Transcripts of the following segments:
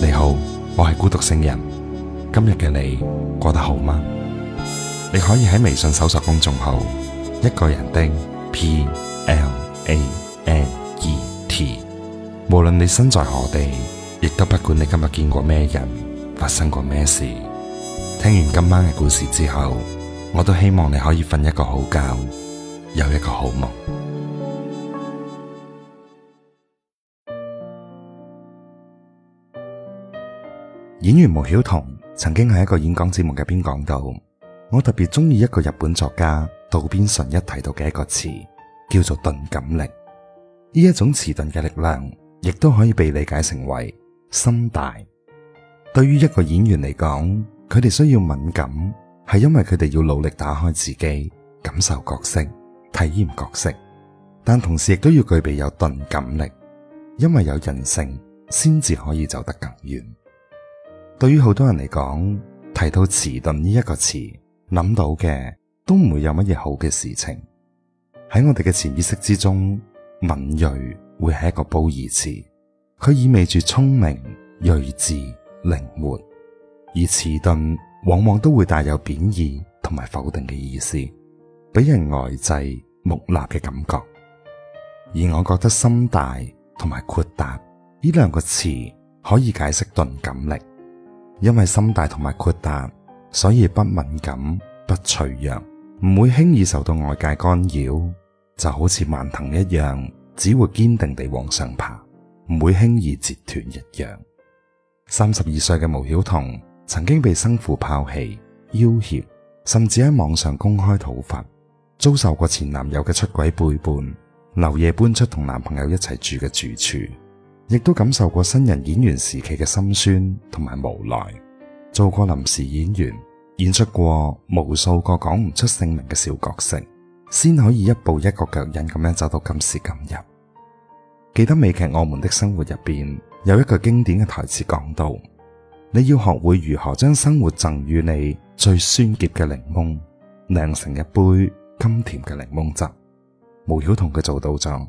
你好，我係孤獨星人。今日嘅你過得好嗎？你可以喺微信搜索公眾號一個人的 P L A N E T，無論你身在何地，亦都不管你今日見過咩人，發生過咩事。聽完今晚嘅故事之後，我都希望你可以瞓一個好覺，有一個好夢。演員毛曉彤曾經喺一個演講節目入邊講到，我特別中意一個日本作家渡邊淳一提到嘅一個詞，叫做鈍感力。呢一種遲鈍嘅力量，亦都可以被理解成為心大。對於一個演員嚟講，佢哋需要敏感，係因為佢哋要努力打開自己，感受角色，體驗角色。但同時亦都要具備有鈍感力，因為有人性先至可以走得更遠。對於好多人嚟講，提到遲鈍呢一個詞，諗到嘅都唔會有乜嘢好嘅事情。喺我哋嘅潛意識之中，敏銳會係一個褒義詞，佢意味住聰明、睿智、靈活，而遲鈍往往都會帶有貶義同埋否定嘅意思，俾人呆滯木訥嘅感覺。而我覺得心大同埋豁達呢兩個詞可以解釋鈍感力。因為心大同埋豁達，所以不敏感、不脆弱，唔會輕易受到外界干擾，就好似蔓藤一樣，只會堅定地往上爬，唔會輕易折斷一樣。三十二歲嘅毛曉彤，曾經被生父拋棄、要挾，甚至喺網上公開討伐，遭受過前男友嘅出軌背叛，留夜搬出同男朋友一齊住嘅住處。亦都感受過新人演員時期嘅心酸同埋無奈，做過臨時演員，演出過無數個講唔出姓名嘅小角色，先可以一步一個腳印咁樣走到今時今日。記得美劇《我們的生活》入邊有一句經典嘅台詞講到：你要學會如何將生活贈予你最酸澀嘅檸檬，釀成一杯甘甜嘅檸檬汁。毛曉彤佢做到咗，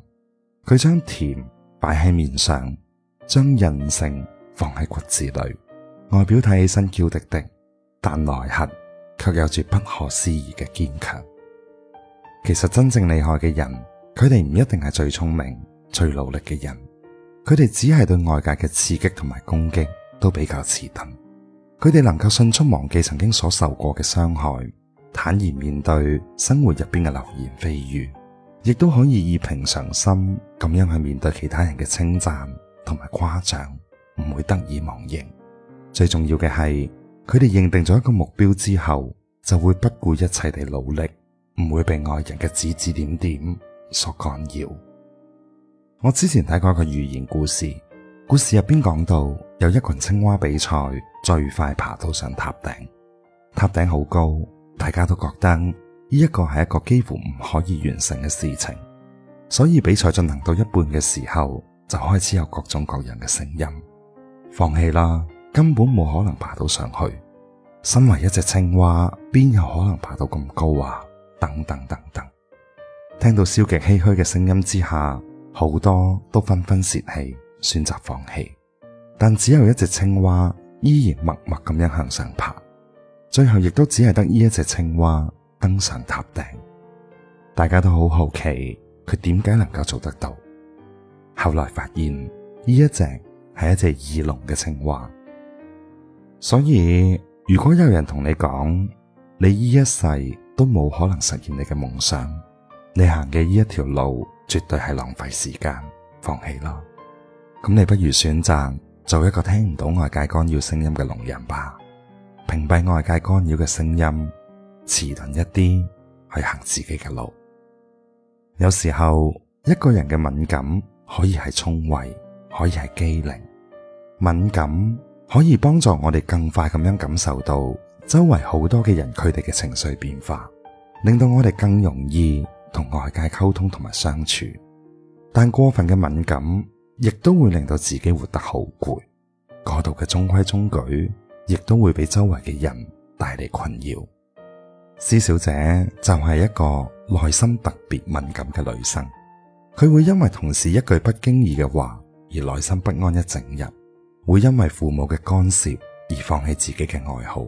佢將甜。擺喺面上，將人性放喺骨子裏，外表睇起身嬌滴滴，但內核卻有住不可思議嘅堅強。其實真正厲害嘅人，佢哋唔一定係最聰明、最努力嘅人，佢哋只係對外界嘅刺激同埋攻擊都比較遲鈍，佢哋能夠迅速忘記曾經所受過嘅傷害，坦然面對生活入邊嘅流言蜚語。亦都可以以平常心咁樣去面對其他人嘅稱讚同埋誇獎，唔會得意忘形。最重要嘅係，佢哋認定咗一個目標之後，就會不顧一切地努力，唔會被外人嘅指指點點所干擾。我之前睇過一個寓言故事，故事入邊講到有一群青蛙比賽最快爬到上塔頂，塔頂好高，大家都覺得。呢一個係一個幾乎唔可以完成嘅事情，所以比賽進行到一半嘅時候，就開始有各種各樣嘅聲音，放棄啦，根本冇可能爬到上去。身為一隻青蛙，邊有可能爬到咁高啊？等等等等，聽到消極唏噓嘅聲音之下，好多都紛紛洩氣，選擇放棄。但只有一隻青蛙依然默默咁樣向上爬，最後亦都只係得呢一隻青蛙登上塔頂，大家都好好奇佢點解能夠做得到。後來發現呢一隻係一隻耳聾嘅青蛙。所以如果有人同你講，你呢一世都冇可能實現你嘅夢想，你行嘅呢一條路絕對係浪費時間，放棄啦。咁你不如選擇做一個聽唔到外界干擾聲音嘅聾人吧，屏蔽外界干擾嘅聲音。遲鈍一啲去行自己嘅路，有時候一個人嘅敏感可以係聰慧，可以係機靈。敏感可以幫助我哋更快咁樣感受到周圍好多嘅人，佢哋嘅情緒變化，令到我哋更容易同外界溝通同埋相處。但過分嘅敏感亦都會令到自己活得好攰，過度嘅中規中矩亦都會俾周圍嘅人帶嚟困擾。施小姐就係一個內心特別敏感嘅女生，佢會因為同事一句不經意嘅話而內心不安一整日，會因為父母嘅干涉而放棄自己嘅愛好，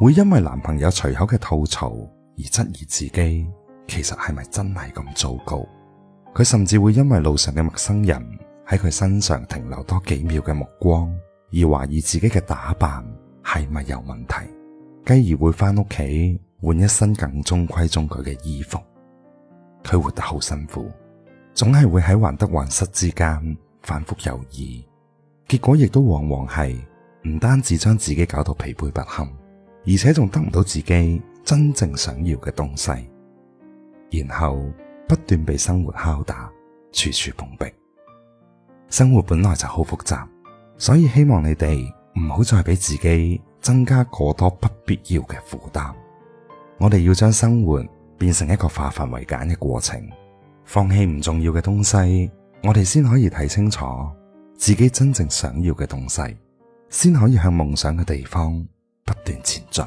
會因為男朋友隨口嘅吐槽而質疑自己其實係咪真係咁糟糕，佢甚至會因為路上嘅陌生人喺佢身上停留多幾秒嘅目光而懷疑自己嘅打扮係咪有問題，繼而會返屋企。換一身更中規中矩嘅衣服，佢活得好辛苦，總係會喺患得患失之間反覆猶豫，結果亦都往往係唔單止將自己搞到疲憊不堪，而且仲得唔到自己真正想要嘅東西，然後不斷被生活敲打，處處碰壁。生活本來就好複雜，所以希望你哋唔好再俾自己增加過多不必要嘅負擔。我哋要將生活變成一個化繁為簡嘅過程，放棄唔重要嘅東西，我哋先可以睇清楚自己真正想要嘅東西，先可以向夢想嘅地方不斷前進。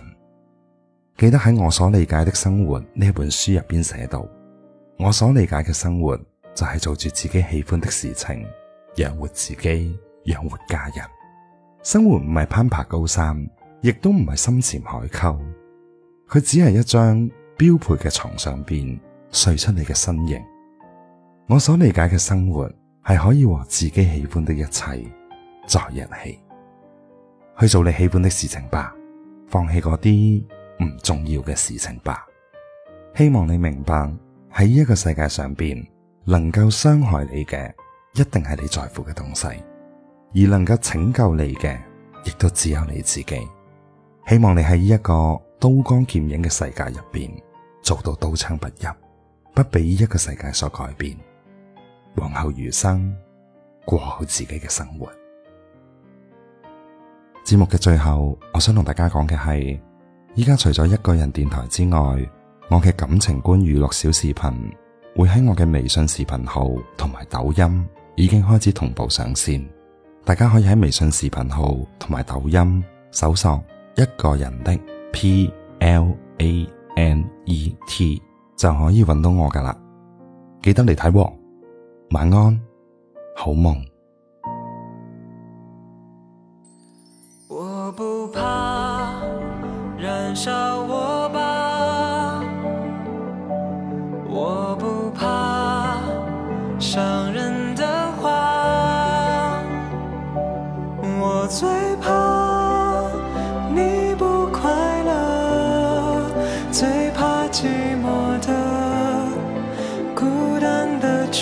記得喺我所理解的生活呢本書入邊寫到，我所理解嘅生活就係做住自己喜歡的事情，養活自己，養活家人。生活唔係攀爬高山，亦都唔係深潛海溝。佢只係一張標配嘅床，上邊睡出你嘅身形。我所理解嘅生活係可以和自己喜歡的一切在一起，去做你喜歡的事情吧。放棄嗰啲唔重要嘅事情吧。希望你明白喺呢一個世界上邊，能夠傷害你嘅一定係你在乎嘅東西，而能夠拯救你嘅亦都只有你自己。希望你喺呢一個刀光劍影嘅世界入邊做到刀槍不入，不俾一個世界所改變。往後餘生過好自己嘅生活。節目嘅最後，我想同大家講嘅係，依家除咗一個人電台之外，我嘅感情觀娛樂小視頻會喺我嘅微信視頻號同埋抖音已經開始同步上線，大家可以喺微信視頻號同埋抖音搜索一個人的 P L A N E T 就可以揾到我㗎喇，記得嚟睇喎，晚安，好夢。我唔怕燃燒我吧，我唔怕傷人嘅話，我最怕。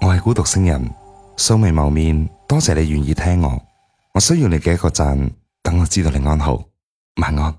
我係孤獨星人，素未謀面，多謝你願意聽我。我需要你嘅一個讚，等我知道你安好，晚安。